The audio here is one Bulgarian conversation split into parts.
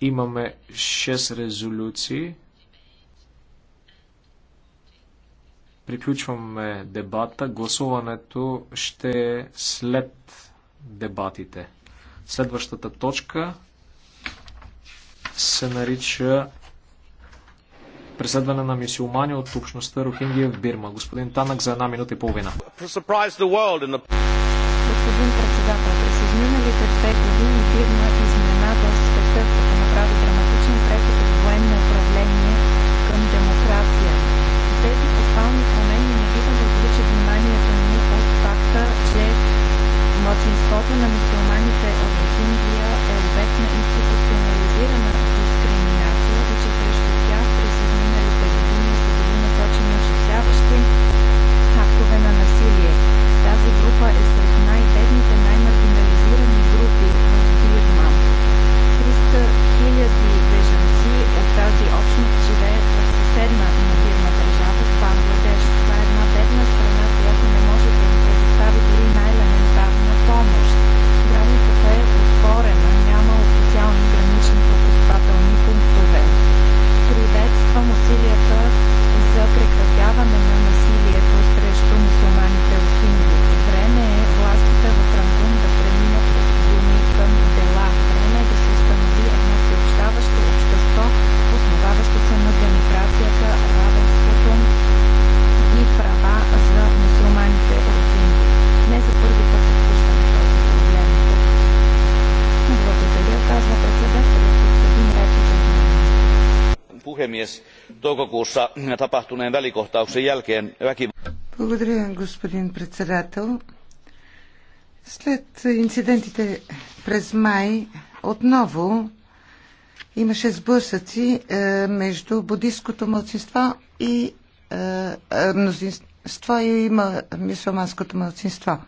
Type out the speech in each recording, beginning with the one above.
Имаме 6 резолюции. Приключваме дебата. Гласуването ще е след дебатите. Следващата точка се нарича преследване на мисиомани от общността Рохингия в Бирма. Господин Танък за една минута и половина. Господин председател, през изминалите две години Бирма представител. toukokuussa tapahtuneen välikohtauksen jälkeen väkivalta. След инцидентите през май отново имаше сблъсъци е, между буддийското младсинство и е, е, мнозинство и мюсюлманското младсинство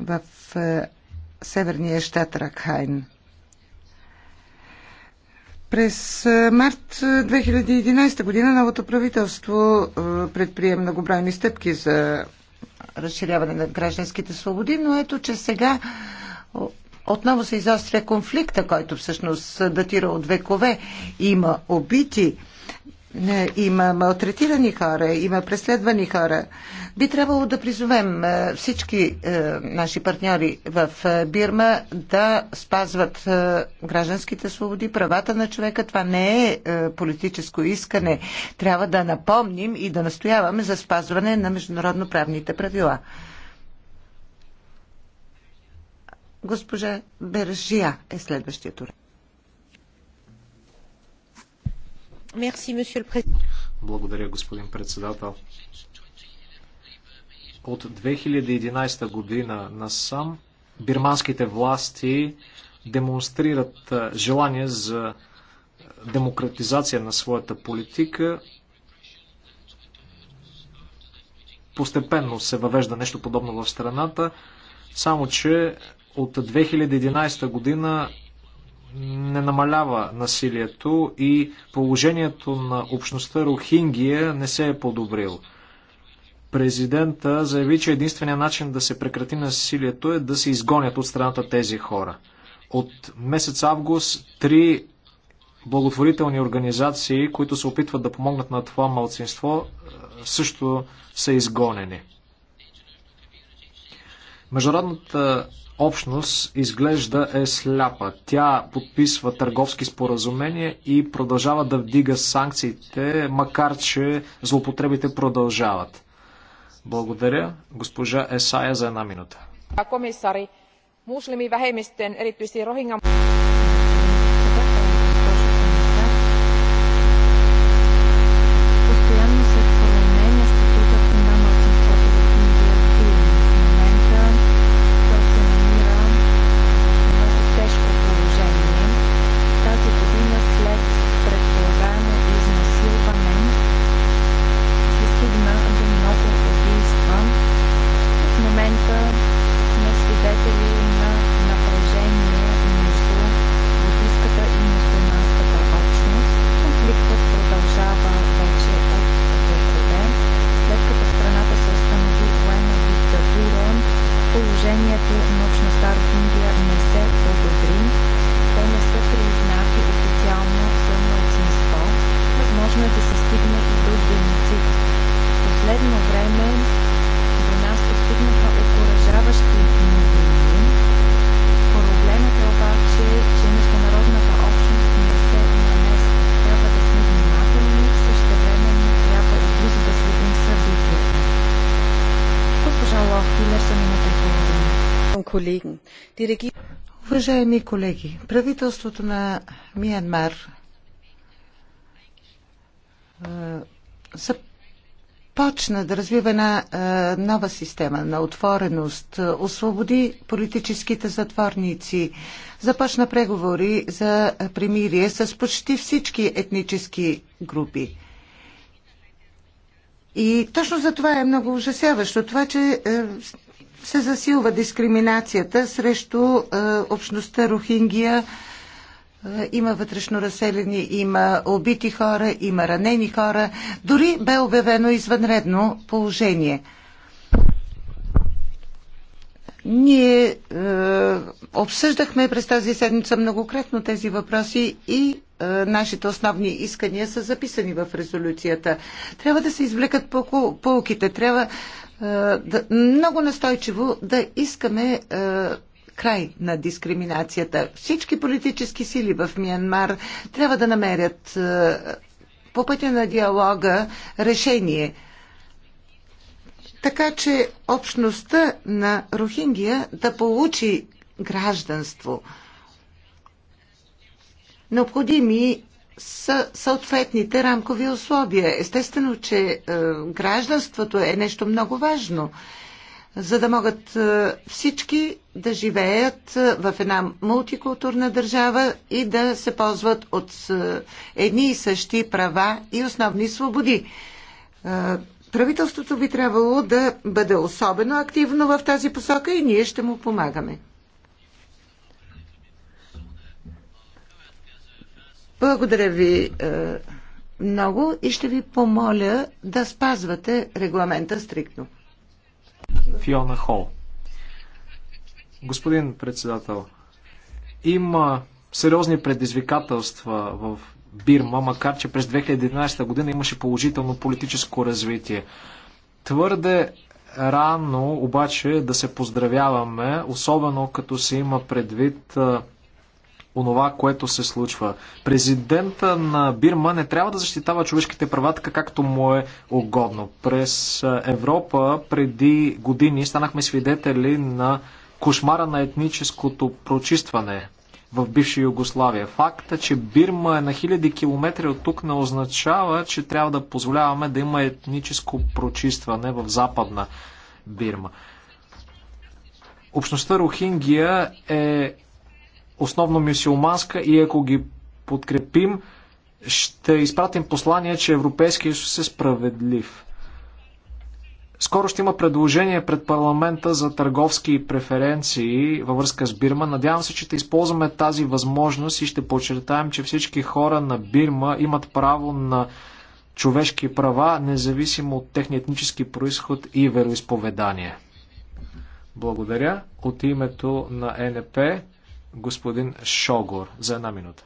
в е, северния щат Ракхайн. През март 2011 година новото правителство предприе многобройни стъпки за разширяване на гражданските свободи, но ето, че сега отново се изостря конфликта, който всъщност датира от векове. Има убити. Не, има малтретирани хора, има преследвани хора. Би трябвало да призовем е, всички е, наши партньори в е, Бирма да спазват е, гражданските свободи, правата на човека. Това не е, е политическо искане. Трябва да напомним и да настояваме за спазване на международно-правните правила. Госпожа Бержия е следващия турен. Благодаря, господин председател. От 2011 година насам бирманските власти демонстрират желание за демократизация на своята политика. Постепенно се въвежда нещо подобно в страната, само че от 2011 година не намалява насилието и положението на общността Рохингия не се е подобрил. Президента заяви, че единственият начин да се прекрати насилието е да се изгонят от страната тези хора. От месец август три благотворителни организации, които се опитват да помогнат на това малцинство, е, също са изгонени. Международната общност изглежда е сляпа. Тя подписва търговски споразумения и продължава да вдига санкциите, макар че злоупотребите продължават. Благодаря, госпожа Есая, за една минута. Комисари, муслими Rohingya... съзнанието на общността рохингя Уважаеми колеги, правителството на Миянмар е, започна да развива една е, нова система на отвореност, е, освободи политическите затворници, започна преговори за примирие с почти всички етнически групи. И точно за това е много ужасяващо. Това, че се засилва дискриминацията срещу е, общността Рохингия. Е, има вътрешно разселени, има убити хора, има ранени хора. Дори бе обявено извънредно положение. Ние е, обсъждахме през тази седмица многократно тези въпроси и е, нашите основни искания са записани в резолюцията. Трябва да се извлекат полуките, трябва е, да, много настойчиво да искаме а, е, край на дискриминацията. Всички политически сили в Миянмар трябва да намерят а, е, по пътя на диалога решение. Така че общността на Рохингия да получи гражданство. Необходими са съответните рамкови условия. Естествено, че е, гражданството е нещо много важно, за да могат е, всички да живеят е, в една мултикултурна държава и да се ползват от е, едни и същи права и основни свободи. Е, правителството би трябвало да бъде особено активно в тази посока и ние ще му помагаме. Благодаря ви е, много и ще ви помоля да спазвате регламента стриктно. Фиона Хол. Господин председател, има сериозни предизвикателства в Бирма, макар че през 2011 година имаше положително политическо развитие. Твърде рано обаче да се поздравяваме, особено като се има предвид е, онова, което се случва. Президента на Бирма не трябва да защитава човешките права така, както му е угодно. През Европа преди години станахме свидетели на кошмара на етническото прочистване в бивша Югославия. Факта, е, че Бирма е на хиляди километри от тук не означава, че трябва да позволяваме да има етническо прочистване в западна Бирма. Общността Рохингия е основно мюсюлманска и ако ги подкрепим, ще изпратим послание, че Европейския съюз е справедлив. Скоро ще има предложение пред парламента за търговски преференции във връзка с Бирма. Надявам се, че ще използваме тази възможност и ще подчертаем, че всички хора на Бирма имат право на човешки права, независимо от техния етнически происход и вероисповедание. Благодаря от името на НП господин Шогор за една минута.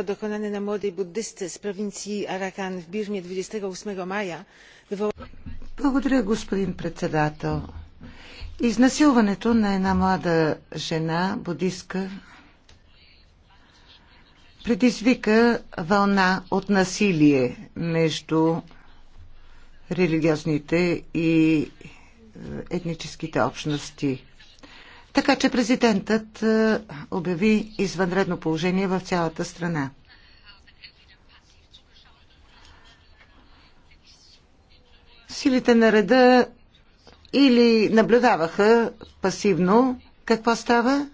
morderstwa dokonane na młodej buddystce z prowincji Arakan w Birmie 28 maja wywołało... Благодаря, господин председател. Изнасилването на една млада жена, будистка, предизвика вълна от насилие между религиозните и е, етническите общности. Така че президентът е, обяви извънредно положение в цялата страна. Силите на реда или наблюдаваха пасивно какво става,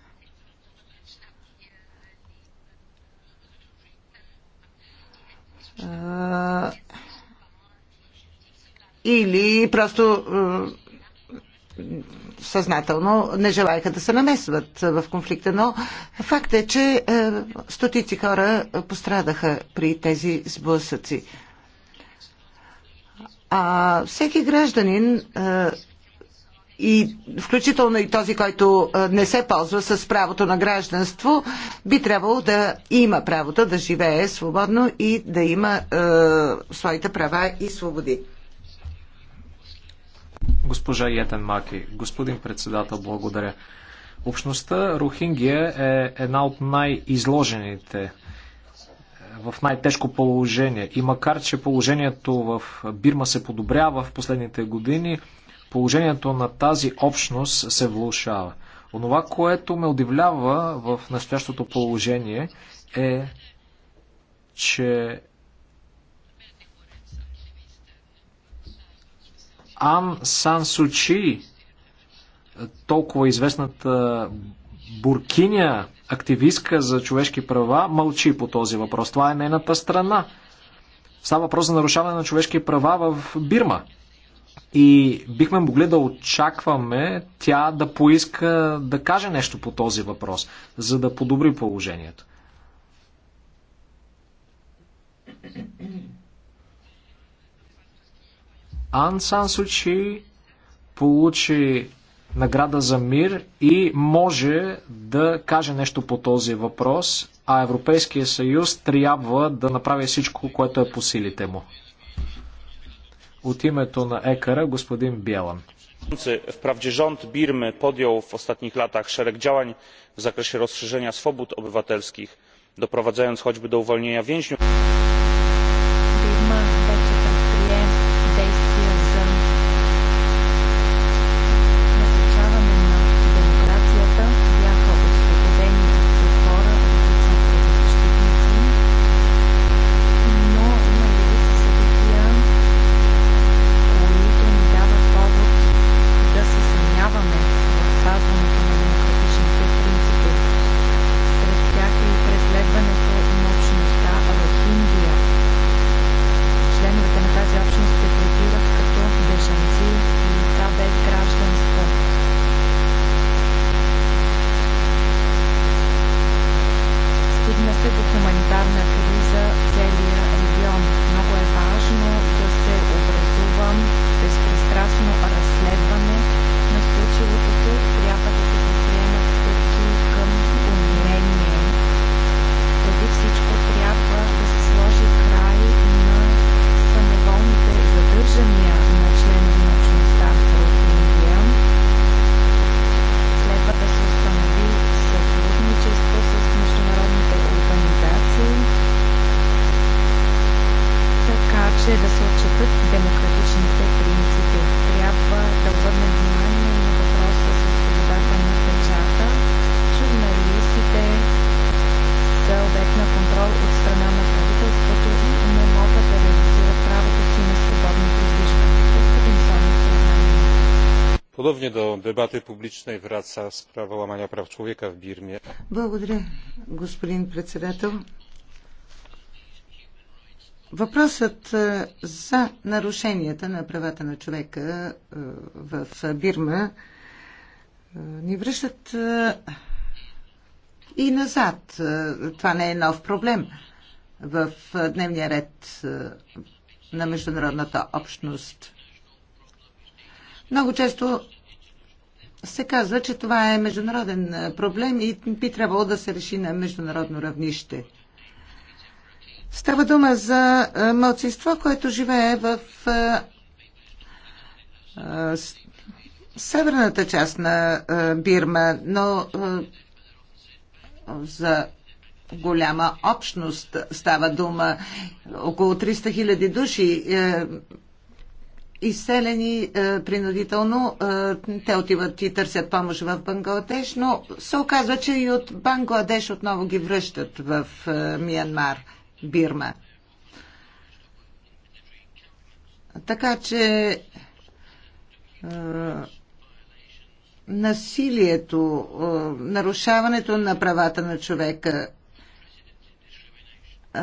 е, или просто е, съзнателно не желаяха да се намесват в конфликта, но факт е, че е, стотици хора пострадаха при тези сблъсъци. А всеки гражданин е, и включително и този, който е, не се ползва с правото на гражданство, би трябвало да има правото да живее свободно и да има е, своите права и свободи. Госпожа Йетен Маки, господин председател, благодаря. Общността Рухингия е една от най-изложените е, в най-тежко положение. И макар, че положението в Бирма се подобрява в последните години, положението на тази общност се влушава. Онова, което ме удивлява в настоящото положение е, че Ам Сан Сучи, толкова известната буркиня, активистка за човешки права, мълчи по този въпрос. Това е нейната страна. Става въпрос за нарушаване на човешки права в Бирма. И бихме могли да очакваме тя да поиска да каже нещо по този въпрос, за да подобри положението. Ан Сан Сучи получи награда за мир и може да каже нещо по този въпрос, а Европейския съюз трябва да направи всичко, което е по силите му. От името на ЕКАРА господин Бялан. Wprawdzie rząd Birmy podjął в ostatnich latach szereg działań w zakresie rozszerzenia swobód obywatelskich, doprowadzając choćby do uwolnienia więźniów. debaty publicznej wraca sprawa łamania praw człowieka w Birmie. Благодаря, господин председател. Въпросът е, за нарушенията на правата на човека е, в Бирма е, ни връщат и назад. Това не е нов проблем в дневния ред на международната общност. Много често се казва, че това е международен проблем и би трябвало да се реши на международно равнище. Става дума за младсинство, което живее в северната част на Бирма, но за голяма общност става дума. Около 300 000 души е, изселени е, принудително. Е, те отиват и търсят помощ в Бангладеш, но се оказва, че и от Бангладеш отново ги връщат в е, Миянмар, Бирма. Така че е, насилието, е, нарушаването на правата на човека, е,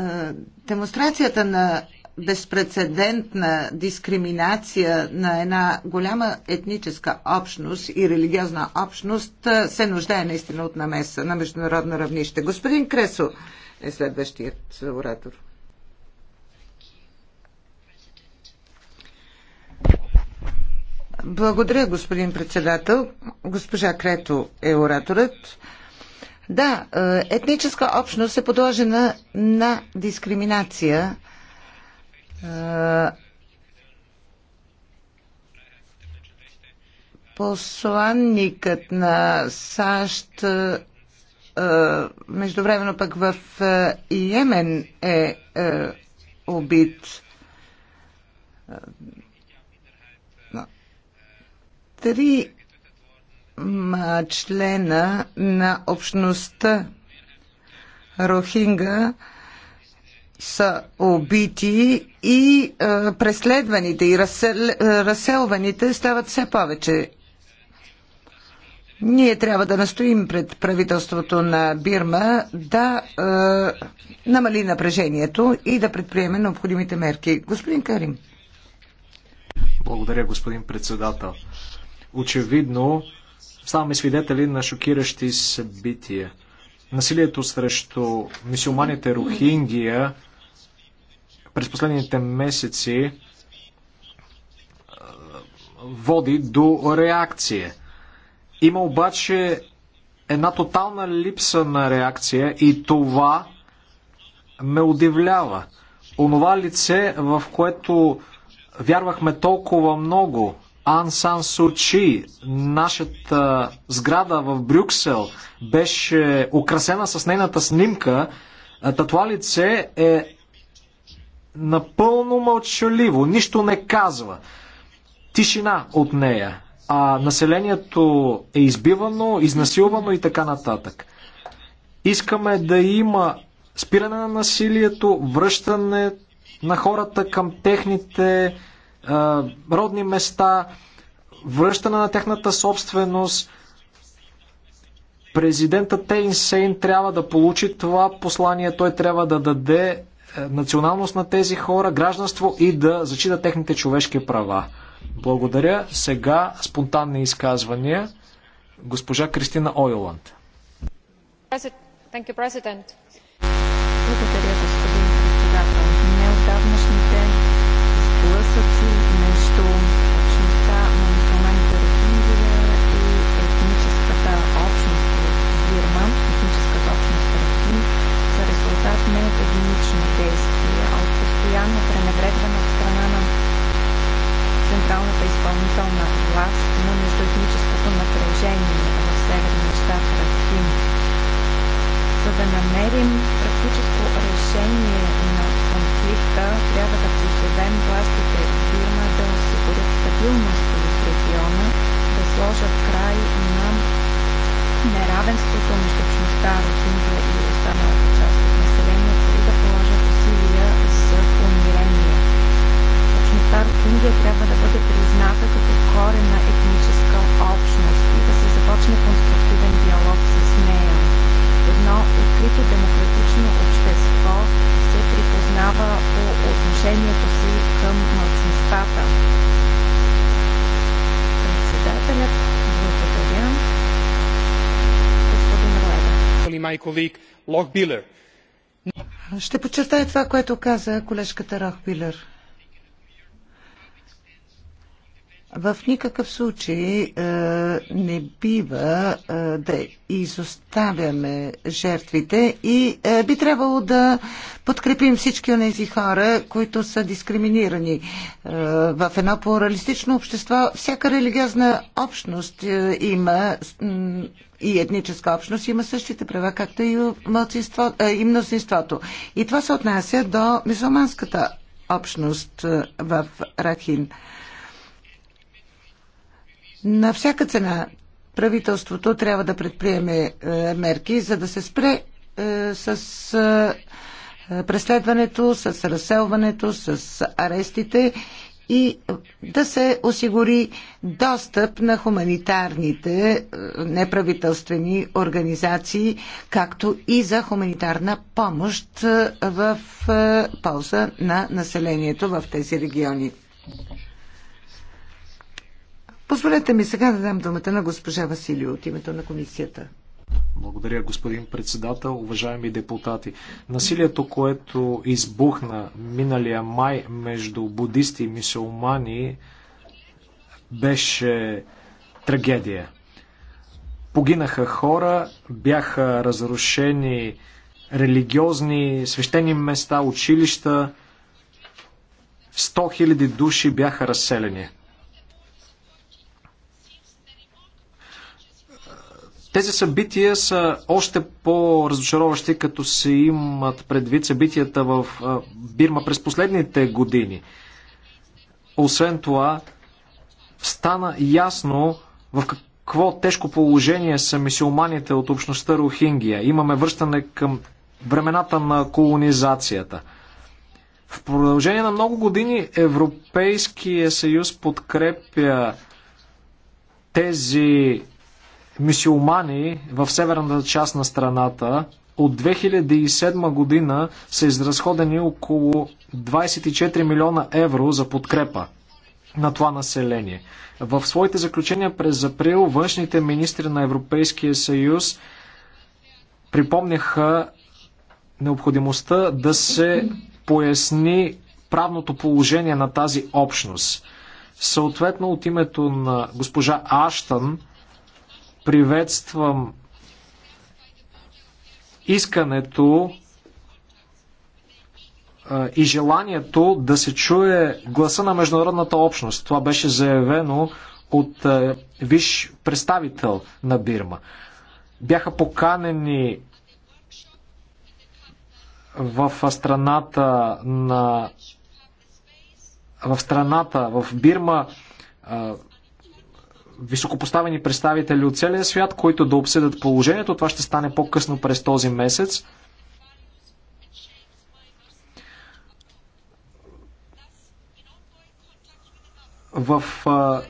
демонстрацията на безпредседентна дискриминация на една голяма етническа общност и религиозна общност се нуждае наистина от намеса на международно равнище. Господин Кресо е следващият оратор. Благодаря, господин председател. Госпожа Крето е ораторът. Да, е, етническа общност е подложена на дискриминация посланникът на САЩ междувременно пък в Йемен е убит. Три члена на общността Рохинга са убити и а, преследваните и разсел, разселваните стават все повече. Ние трябва да настоим пред правителството на Бирма да е, намали напрежението и да предприеме необходимите мерки. Господин Карим. Благодаря, господин председател. Очевидно, ставаме свидетели на шокиращи събития. Насилието срещу мисюманите Рохингия през последните месеци води до реакция. Има обаче една тотална липса на реакция и това ме удивлява. Онова лице, в което вярвахме толкова много, Ан Сан Сучи, нашата сграда в Брюксел, беше украсена с нейната снимка. това лице е напълно мълчаливо, нищо не казва. Тишина от нея. А населението е избивано, изнасилвано и така нататък. Искаме да има спиране на насилието, връщане на хората към техните е, родни места, връщане на техната собственост. Президентът Тейн Сейн трябва да получи това послание, той трябва да даде националност на тези хора, гражданство и да зачита техните човешки права. Благодаря. Сега спонтанни изказвания. Госпожа Кристина Ойланд. Благодаря, господин my colleague Lochbiller. Ще подчертая това, което каза колежката Рахбилер. В никакъв случай е, не бива е, да изоставяме жертвите и е, би трябвало да подкрепим всички от тези хора, които са дискриминирани. Е, в едно плуралистично общество всяка религиозна общност е, има и етническа общност има същите права, както и, мълцинство, е, и мнозинството. И това се отнася до мусулманската общност е, в Рахин. На всяка цена правителството трябва да предприеме е, мерки, за да се спре е, с е, преследването, с разселването, с арестите и да се осигури достъп на хуманитарните неправителствени организации, както и за хуманитарна помощ в полза на населението в тези региони. Позволете ми сега да дам думата на госпожа Василио от името на комисията. Благодаря, господин председател, уважаеми депутати. Насилието, което избухна миналия май между будисти и мисулмани, беше трагедия. Погинаха хора, бяха разрушени религиозни, свещени места, училища. 100 000 души бяха разселени. Тези събития са още по-разочароващи, като се имат предвид събитията в Бирма през последните години. Освен това, стана ясно в какво тежко положение са мисиоманите от общността Рохингия. Имаме връщане към времената на колонизацията. В продължение на много години Европейския съюз подкрепя тези мюсюлмани в северната част на страната. От 2007 година са изразходени около 24 милиона евро за подкрепа на това население. В своите заключения през април външните министри на Европейския съюз припомняха необходимостта да се поясни правното положение на тази общност. Съответно, от името на госпожа Аштън, Приветствам искането и желанието да се чуе гласа на международната общност. Това беше заявено от виш представител на Бирма. Бяха поканени в страната на в страната, в Бирма високопоставени представители от целия свят, които да обсъдят положението. Това ще стане по-късно през този месец. В а,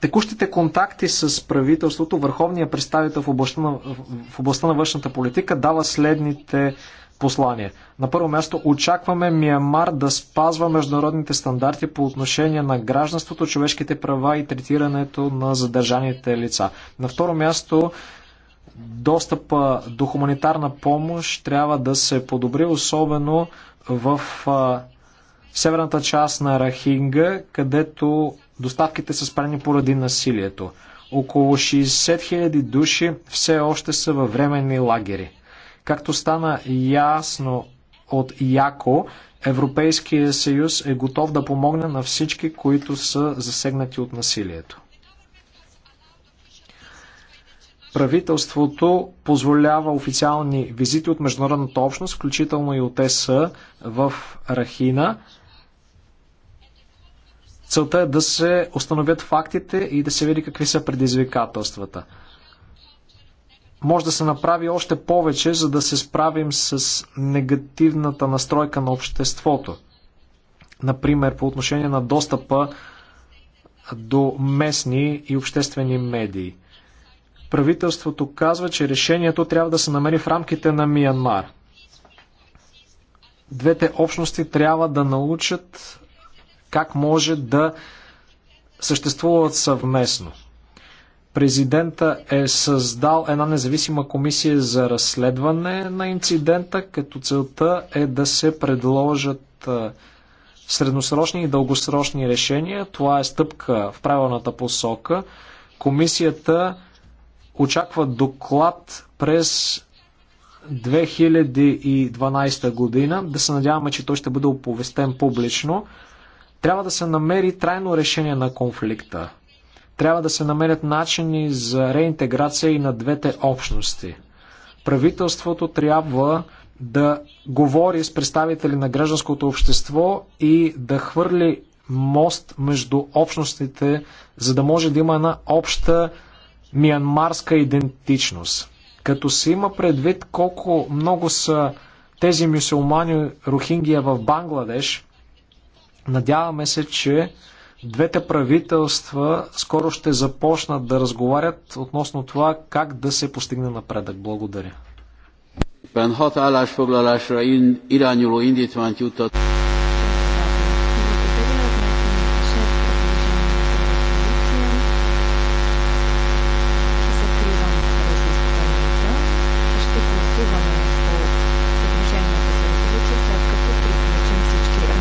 текущите контакти с правителството, върховният представител в областта, на, в областта на външната политика дава следните послание. На първо място очакваме Миямар да спазва международните стандарти по отношение на гражданството, човешките права и третирането на задържаните лица. На второ място достъпа до хуманитарна помощ трябва да се подобри, особено в северната част на Рахинга, където доставките са спрени поради насилието. Около 60 000 души все още са във временни лагери. Както стана ясно от Яко, Европейския съюз е готов да помогне на всички, които са засегнати от насилието. Правителството позволява официални визити от международната общност, включително и от ЕС в Рахина. Целта е да се установят фактите и да се види какви са предизвикателствата може да се направи още повече, за да се справим с негативната настройка на обществото. Например, по отношение на достъпа до местни и обществени медии. Правителството казва, че решението трябва да се намери в рамките на Миянмар. Двете общности трябва да научат как може да съществуват съвместно. Президента е създал една независима комисия за разследване на инцидента, като целта е да се предложат средносрочни и дългосрочни решения. Това е стъпка в правилната посока. Комисията очаква доклад през 2012 година. Да се надяваме, че той ще бъде оповестен публично. Трябва да се намери трайно решение на конфликта. Трябва да се намерят начини за реинтеграция и на двете общности. Правителството трябва да говори с представители на гражданското общество и да хвърли мост между общностите, за да може да има една обща миянмарска идентичност. Като се има предвид колко много са тези мюсулмани рухингия в Бангладеш, надяваме се, че Двете правителства скоро ще започнат да разговарят относно това как да се постигне напредък. Благодаря. Ben hat állásfoglalásra irányuló indítványt